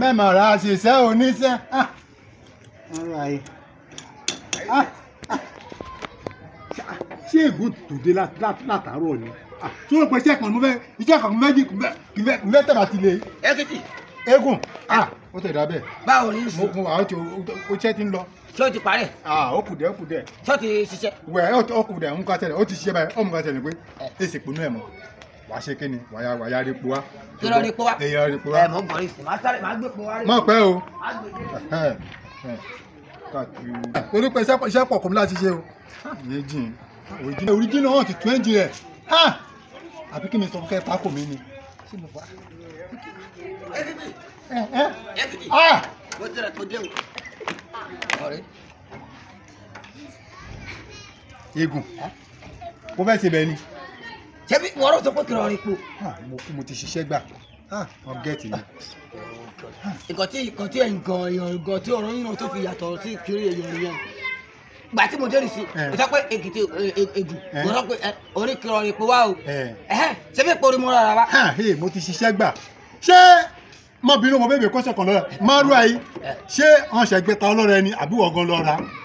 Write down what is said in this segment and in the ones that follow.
mẹ́mọ̀ra àṣìṣẹ́ oníṣẹ́ ah. ah. Ah. ṣé ègún tòde látàárọ̀ ni tí o pè iṣẹ́ kan fẹ́ iṣẹ́ kan méjì kì fẹ́ tẹ̀lá ti lè. ekiti. eégún ó tẹ̀ dábẹ́. báwo ni sùn. mo wà ó tiẹ̀ ti ń lọ. tí o ti parẹ́. ó kù dẹ̀ ó kù dẹ̀. tí o ti ṣiṣẹ́. wẹ̀ ó kù dẹ̀ ń ká tẹ̀lé ó ti ṣiṣẹ́ báyìí ó mú ká tẹ̀lé pé eh. èsì pinnu ẹ̀ mọ́ wàá ṣe kí ni wàá wàá rí po wá. yọrọ rí po wá yọrọ rí po wá. ẹ mọ bọ ìsìn máa sáré máa gbé po wá. mọ pẹ o torí pé iṣẹ́ pọ̀ kò ní láti ṣe o. ìyẹn jìn òrìjìnà òrìjìnà hàn ti twenty rẹ̀ àbí kí mi sọ fún ẹ pákó mi ni. egun mo fẹ́ ṣe bẹ́ẹ̀ ni ṣebí wọ́n rọ̀ sọ pé kìrọ̀ rìn po. mo ti ṣiṣẹ́ gbà wọ́n gẹ̀ẹ́tì ni. nǹkan tí nǹkan tí ẹ̀yìn gan èèyàn gan tí ọ̀rọ̀ yìí náà tó fi yàtọ̀ sí kiri èèyàn yẹn gbà tí mo dé nìsí mo sọ pé èkìtì ègù mo sọ pé orí kìrọ̀ rìn po wá o ṣebí ìpòrí mo rọra wa. mo ti ṣiṣẹ́ gbà ṣé mọ̀bìnrin mo bẹ̀rẹ̀ kọ́sẹ̀ kan lọ́ra márùn-ún ayé ṣé ọ̀sẹ̀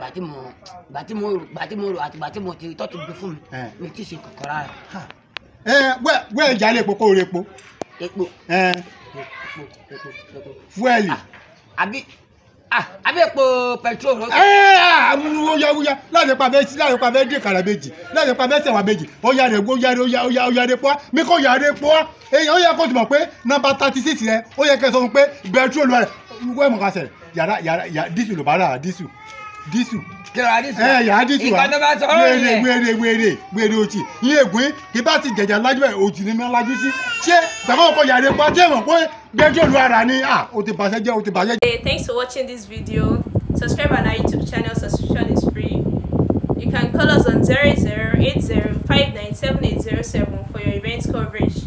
ìgbà tí mo ìgbà tí mo rò ìgbà tí mo rò àti ìgbà tí mo ti tọ́ ti gbé fún mi mi ti ṣe kọ̀kọ́ rárá. ẹ wẹ wẹ ìjà lè po kó o rè po. epo epo epo epo. fúẹ̀lì. àbí àbí epo pẹtrol. ẹ wúyáwúyá láti pa bẹ́ẹ̀ láti pa bẹ́ẹ̀ dín kàrà méjì láti pa bẹ́ẹ̀ sẹ̀wà méjì ó yára epo yára ó yára ó yára epo á mi kò yára epo á ó yẹ kó tìmọ̀ pé nọ́mbà thirty six rẹ ó yẹ kẹ́ sọ fún o pẹtrol rẹ wúwo ẹ̀ mọ̀ ká sẹ̀ yàrá yàrá dísù ló bá rà dísù dísù. kílára dísù. ẹ yà á dísù wa ìkànnì bá sọ ọ̀rọ̀ yẹn. wéèrè wéèrè wéèrè òtì yín ègún kí bá ti jẹjà lájú ẹ òtì ni mi lájú sí. ṣé bàbá ọkọ yàrá pa jẹ́ mọ̀ pé gbẹ́jọ́ lu ara ni ah o ti bàṣẹ jẹ́ o ti bàṣẹ jẹ́. hey thanks for watching this video subscribe on our youtube channel subscription is free you can call us on zero zero eight zero five nine seven eight zero seven for your event coverage.